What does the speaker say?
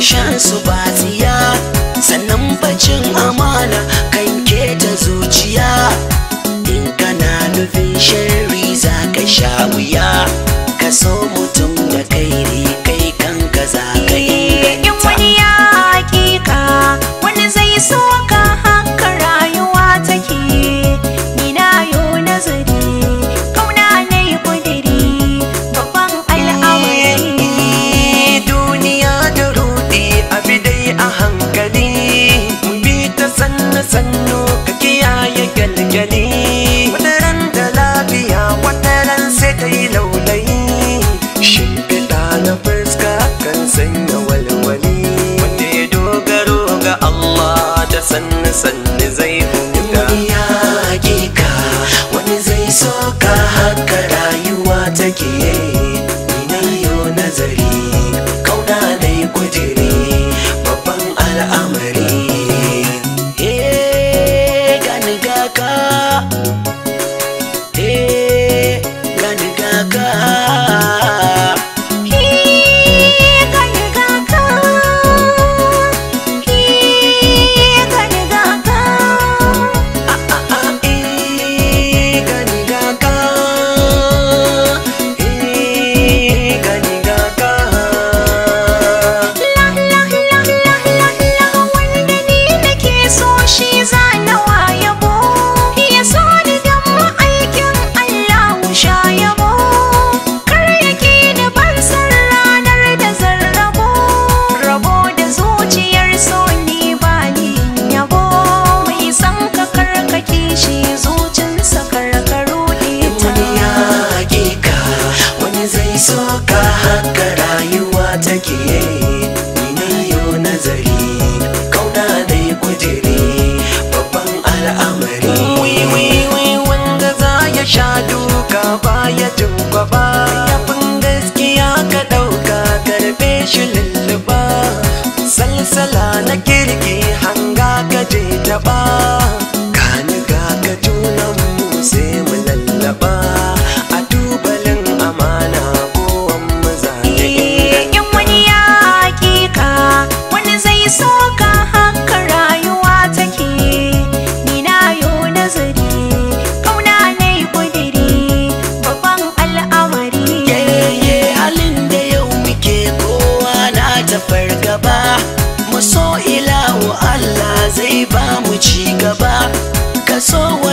shan su ba sannan bacin amana kan keta zuciya in kana nufin sherry za ka sha wuya ka so mutum na fuska kan sanya walwali wanda ya dogaro ga Allah da sanni sanni zai huta wani ya hakika wani zai soka so